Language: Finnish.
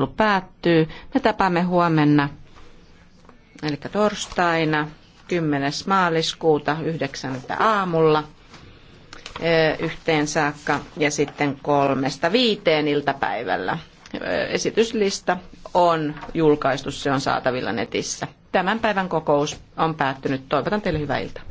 keskustelu päättyy. Me tapaamme huomenna, eli torstaina 10. maaliskuuta 9. aamulla e, yhteen saakka ja sitten kolmesta viiteen iltapäivällä. E, esityslista on julkaistu, se on saatavilla netissä. Tämän päivän kokous on päättynyt. Toivotan teille hyvää iltaa.